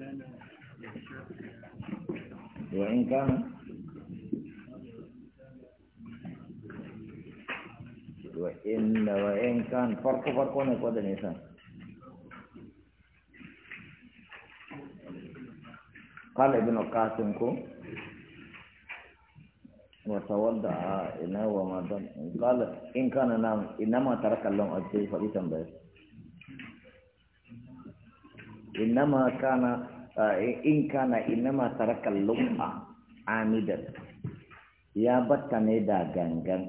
وإن كان وإن وإن كان فرق فرق نقود الإنسان قال ابن القاسم كو وتودع إنه وما قال إن كان نام إنما ترك اللون أجل فليتم بس innama kana in kana innama tarakal lum'a amidan ya batta ne da gangan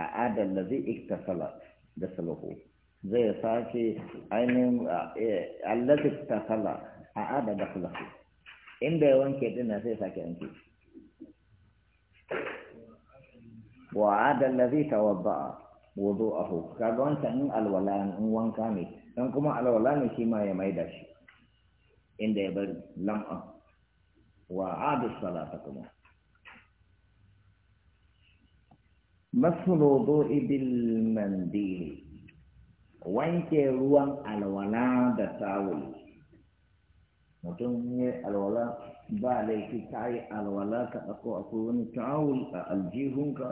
a adal da zai iktasala da salahu zai sace ainihin allazi iktasala a adal da salahu inda ya wanke dinna sai sake wanke wa adal ladhi tawadda'a wudu'ahu kaga wancan in alwala in wanka ne dan kuma alwala ne shi ma ya maida shi inda ya bari lam'a wa adu salata kuma masu bil mandili wanke ruwan alwala da tawul mutum ya alwala ba laifi ta yi alwala ka ɗauko akwai wani tawul a aljihunka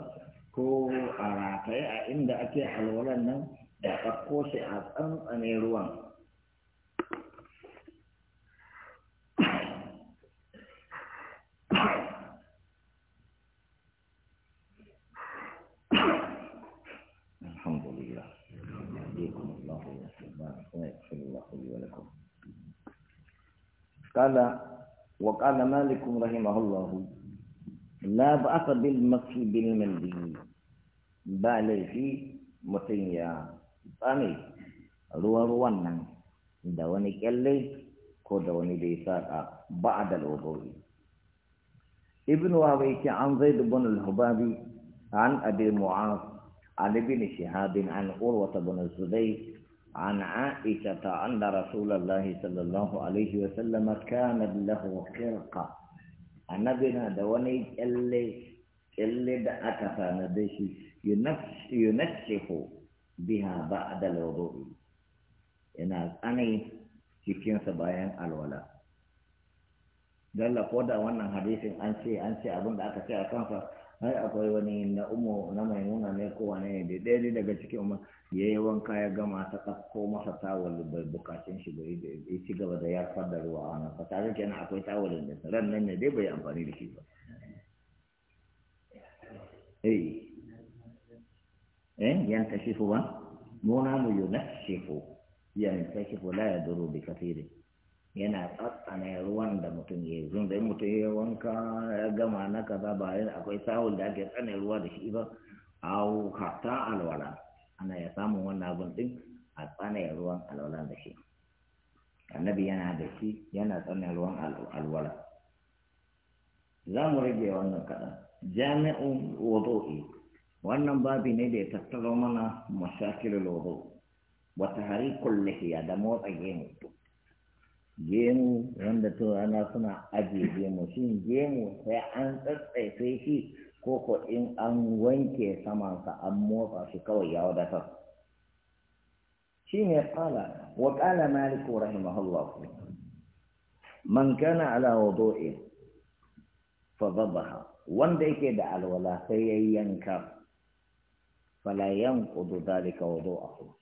ko a rataye a inda ake alwalan nan da ɗauko shi a tsantsane ruwan قال وقال مالك رحمه الله لا بأس بالمسح بالمندي بل في متنيا ثاني روى روانا دواني كلي كو دواني بعد الوضوء ابن وابيك عن زيد بن الحبابي عن ابي معاذ عن ابن شهاب عن عروة بن الزبير عن عائشة أن رسول الله صلى الله da وسلم كان له خرقة أنبنا دوني اللي اللي دعك فاندشي ينشف بها بعد الوضوء ina tsane cikinsa bayan alwala dalla ko wannan hadisin an ce an ce abin da aka ce a kansa har akwai wani na umu na ko wane ne da daga cikin umar ya yi wanka ya gama ta ɗauko masa tawali bai bukacin shi bai ya ci gaba da ya fada ruwa a nan fasarin kenan akwai tawalin da ran nan ne dai bai amfani da shi ba eh eh yan ta kashifu ba nuna mu yi na yunashifu yan ta kashifu la duro bi kafiri yana tsatsana ruwan da mutum ya zun da mutum ya wanka ya gama na kaza ba akwai tawul da ake tsane ruwa da shi ba au hatta alwala ana ya samun wannan abun din a tsanaya ruwan alwala da shi annabi yana da shi yana tsanaya ruwan alwala za mu rage wannan kaɗan jami'un wudu'i wannan babi ne da ya tattaro mana mashakilul wudu wata tahrikul lihiya da motsa gemu gemu wanda to ana suna ajiye gemu shin gemu sai an tsatsaife shi ko ko in an wanke samansa an motsa shi kawai ya wadatar shi ne kala wa kala maliku rahimahullah man kana ala wudu'i fa dhabaha wanda yake da alwala sai ya yanka fala yanqudu dhalika wudu'ahu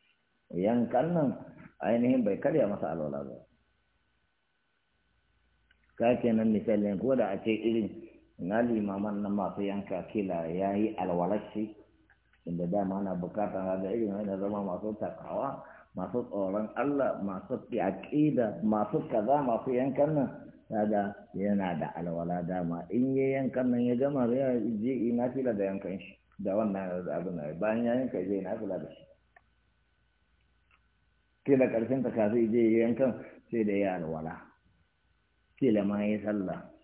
yankan nan ainihin bai karya masa alwala ba ka kenan misalin ko da a ce irin na limaman na masu yanka kila ya yi alwalashi inda dama na bukata ga irin wani zama masu takawa masu tsoron Allah masu aƙida masu kaza masu yankan nan kaga yana da alwala dama in ya yankan nan ya gama ya je ina fila da yankan shi da wannan abin bayan ya yanka je ina fila da shi kila karshen ta kafin je yankan sai da ya alwala kila ma ya sallah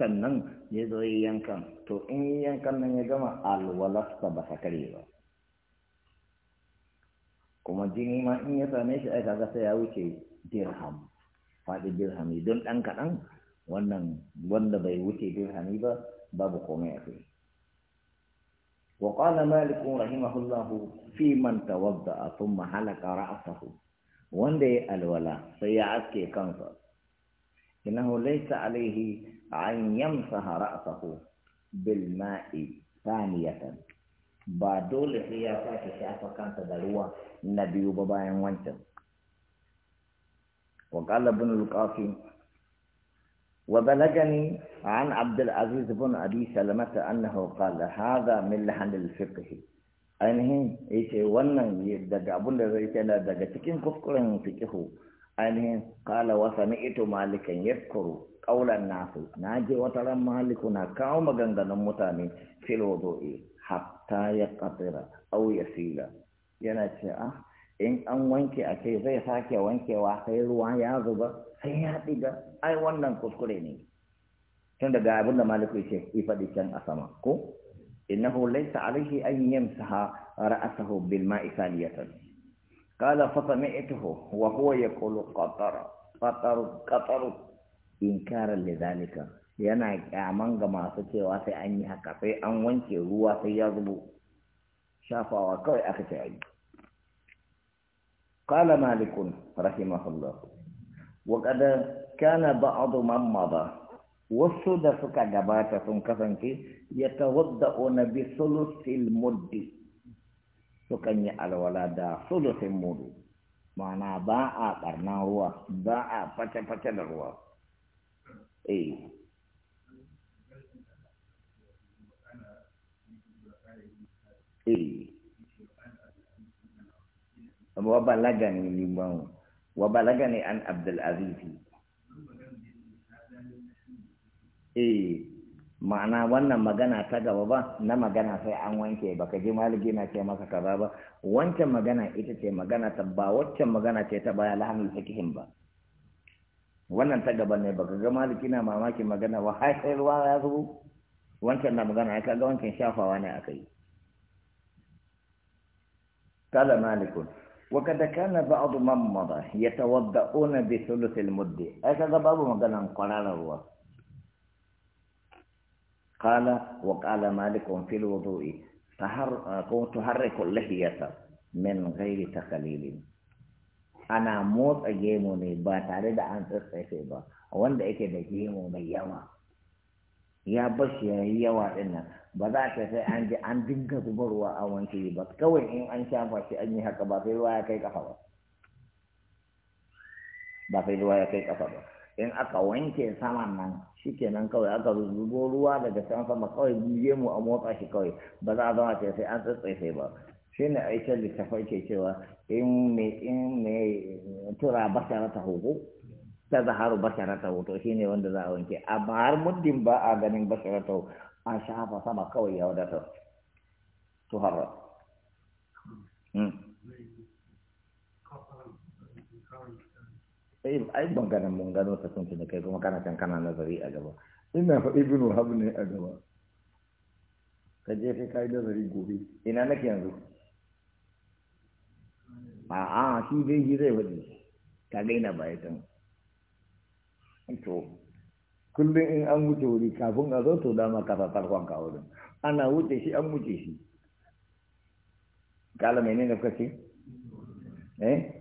sannan ya zo yi yankan to in yi yankan nan ya gama alwalasta ba ta karye ba kuma jini ma in ya same shi ai kaga sai ya wuce dirham faɗi dirhami don ɗan kaɗan wannan wanda bai wuce dirhami ba babu komai a kai وقال مالك رحمه الله في من توضأ ثم حلق رأسه sai الولا aske كنصر إنه ليس عليه أن يمسح رأسه بالماء ثانية بدول خيافات شعفة كانت دلوة النبي بابا ينوانت وقال ابن القاسم وبلغني عن عبد العزيز بن أبي سلمة أنه قال هذا من لحن الفقه أين إيش ونن يدقى إيه، بن الرئيس لا تكين كفكرين فقهه ainihin kala wasa ni ito malikan na qawlan nasu je wata ran maliku na kawo maganganun mutane fil wudu'i hatta ya qatira aw yasila yana ce ah in an wanke a ce zai sake wankewa sai ruwa ya zuba sai ya diga ai wannan kuskure ne tun daga abin da maliku ce faɗi can a sama ko innahu laysa alaihi an yamsaha ra'asahu bil ma'i قال فسمعته وهو يقول قطر قطر قطر إنكارا لذلك yana kyaman ga masu cewa sai an yi haka sai an wanke ruwa sai ya zubo shafawa kawai aka ce ayi qala malikun rahimahullah wa qad kana ba'd man mada wasu da suka gabata sun kasance yatawadda'una bi sulusil muddi sukan yi alwala da sulusin mudu mana ba a ɓarnan ruwa ba a face-face da ruwa eh, eh. Wa وبلغني لمن وبلغني عن عبد ma'ana wannan magana ta gaba ba na magana sai an wanke ka ji maliki na ce maka kaza ba wancan magana ita ce magana ta ba waccan magana ce ta baya lahanin sakihin ba wannan ta gaba ne baka ga maliki na mamakin magana ba har sai ruwa ya zubo wancan na magana ya kaga wancan shafawa ne aka yi kala malikun وقد كان بعض من مضى يتوضؤون بثلث المد اي كذا باب maganan قرار الوقت قال وقال مالك في الوضوء تحرك اللحية من غير تقليل أنا موت أجيموني باتارد عن تصحيفي با wanda yake da gemu mai yawa ya bashi ya yi yawa dinnan ba za ka sai an ji an dinga zubarwa a wanke ba kawai in an shafa shi an yi haka ba ba sai kai ba in aka wanke saman nan shi kenan kawai aka zubo ruwa daga can sama kawai buje mu a motsa shi kawai ba za a zama ce sai an tsatsaife ba shi ne a ita littafai ke cewa in me in me tura bashara ta hugu ta zaharu bashara ta hoto shi ne wanda za a wanke a har muddin ba a ganin bashara ta a shafa sama kawai ya wadata su Mm. sai ai ban gana mun gano ta sun tuni kai kuma kana can kana nazari a gaba ina fa ibnu wahab ne a gaba ka je kai kai nazari gobe ina nake yanzu a'a shi dai shi zai faɗi ka daina bayan to kullum in an wuce wuri kafin a zo to dama ka farkon ka wurin ana wuce shi an wuce shi kala menene kuka ce eh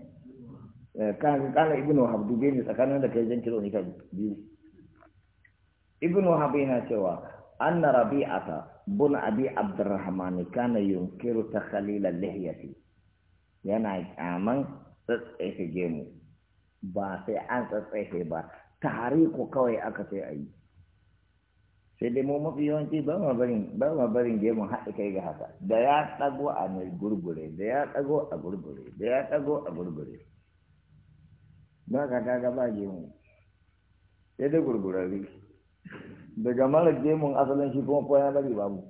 Eh, kan kala ibnu wahab dube ne tsakanin da kai jan kilomita biyu ibnu wahab yana cewa anna rabi'ata bun abi abdurrahman kana yunkiru takhalil al-lihyati yana kyaman tsatsefe gemu ba sai an tsatsefe ba tariku kawai aka sai ayi sai dai mu mafi yawanci ba ma barin ba ma barin haɗa kai ga haka da ya tsago a mai gurgure da ya tsago a gurgure da ya tsago a gurgure ba ka kaga ba gemu sai dai gurgurari daga mara gemun asalin shi kuma koya bari babu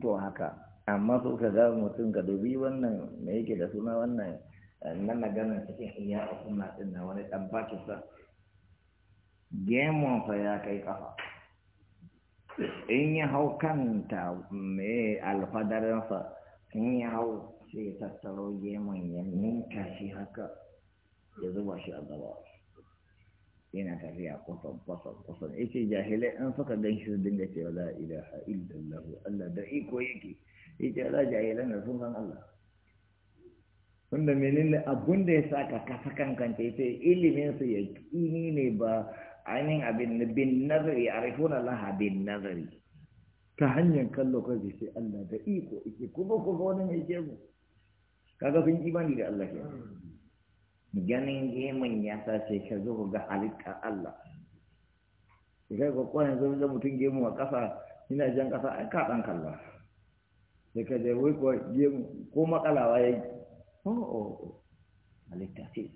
to haka amma so ka ga mutum ka dubi wannan me yake da suna wannan eh, na maganar cikin iya a suna din na wani dan bakin sa gemun fa ya kai kafa in ya hau kanta me alfadarinsa in ya hau sai tattaro gemun ya ninka shi haka ya zuba shi a gaba yana tafiya kwasan kwasan kwasan yake jahilai an suka gan shi dinga cewa la ilaha illallah Allah da iko yake yake za jahilan da sun san Allah wanda menene abun da ya saka ka sakan ya Sai ilimin su ya kini ne ba ainihin abin bin nazari A arifuna laha bin nazari ta hanyar kallo kai sai Allah da iko yake kuma kuma wani mai mu kaga sun imani da Allah ke ganin gemun ya sace ka zo ga halitta Allah sai ga kwanan zo da mutum gemu a kasa ina jan kasa ai ka dan kalla sai ka je wai ko gemu ko makalawa yayi oh, oh oh halitta ce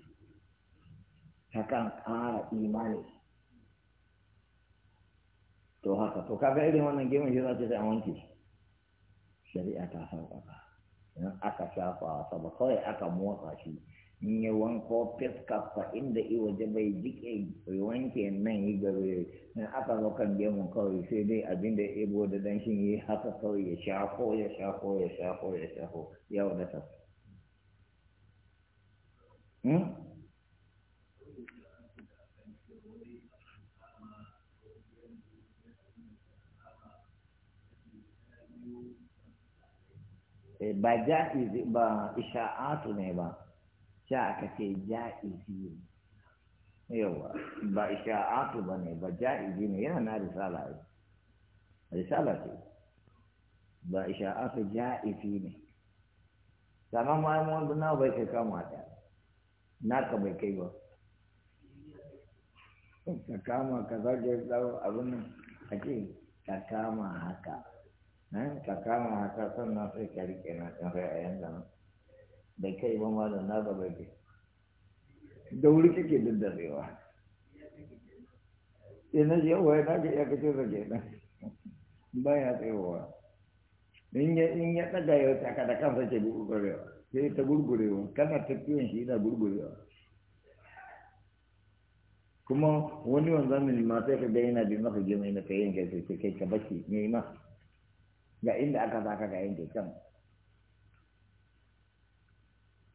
hakan ƙara imani to haka to kaga irin wannan gemun shi za ta sai an wanke shari'a ta sauƙaƙa idan aka shafa sama kawai aka motsa shi in ya wanko fiskafsa inda iwa da bai jike wanke nan yi gaba in aka zo kan gemun kawai sai dai abin da ebo da danshin yi haka kawai ya shafo ya shafo ya shafo ya shafo ya wadata hmm? eh, ba ja'i ba isha'atu ne ba sha aka ce ja'izi ne yawa ba isha'atu ba ne ba ja'izi ne yana na risala ne risala ce ba isha'atu ja'izi ne sannan ma yi wanda na bai kai kama na ka bai kai ba ka kama ka zage tsawo abin nan a ce ka kama haka eh, ka kama haka sannan sai ka riƙe na ɗan sai a yanzu bai kai ba malam na gaba ke da wuri kake daddarewa ina ji yawa ya daga ya kace rage dan baya tsayowa in ya in ya daga ya taka da kansa ce gurgurewa sai ta gurgurewa kana tafiyan shi yana gurgurewa kuma wani wanda mai ma sai ka ga yana bi maka gima yana kai yanke sai kai ka bashi ne ma ga inda aka saka ka yanke can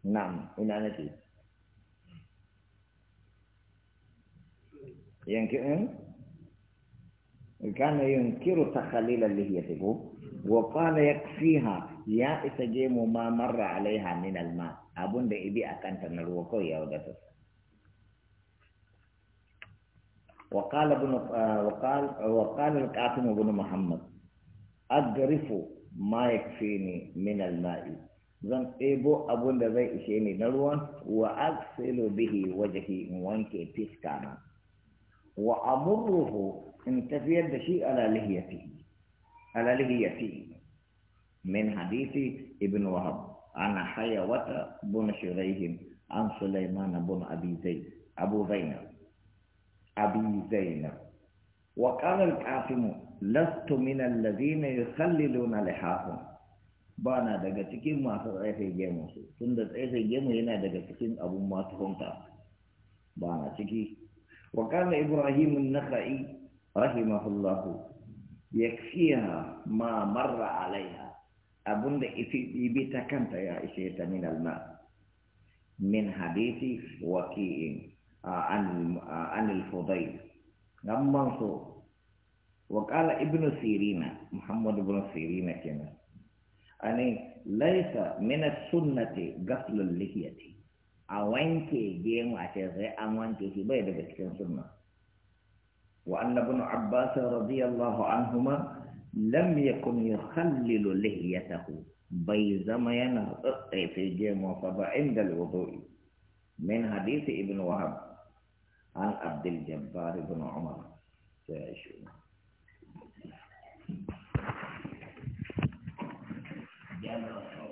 نعم ina nake ينكر كان ينكر تخليل لحيته وقال يكفيها يا إسجيم ما مر عليها من الماء أبون ده إبي أكانت نروكو يا ودتس وقال ابن آه، وقال وقال القاسم بن محمد أجرف ما يكفيني من الماء zan ɗebo abun da zai ishe ni na ruwan wa aksilu bihi wajahi in wanke fiska na wa amurruhu in tafiyar da shi ala lihiyati min hadisi ibn wahab ana haya wata bun shuraihim an sulaiman bun abi zai abu zainab abi zainab wa qala al-qasim lastu min alladhina yukhalliluna lihahum ba na daga cikin masu tsaifin gemu su tun da gemu yana daga cikin abun masu hunta ba na ciki wa kana ibrahim an-nakhai rahimahullah yakfiha ma marra alaiha abunda ifi ta kanta ya ishe ta min alma min hadithi waqi'in an al-fudayl amma so wa qala ibnu sirina muhammad ibn sirina kenan أني يعني ليس من السنة غسل اللحية أوانك جيم أتغي أوانك شبه بيدك كن سنة وأن ابن عباس رضي الله عنهما لم يكن يخلل لحيته بيزما ينهض في جيم وصبا عند الوضوء من حديث ابن وهب عن عبد الجبار بن عمر شو ọ̀rọ̀.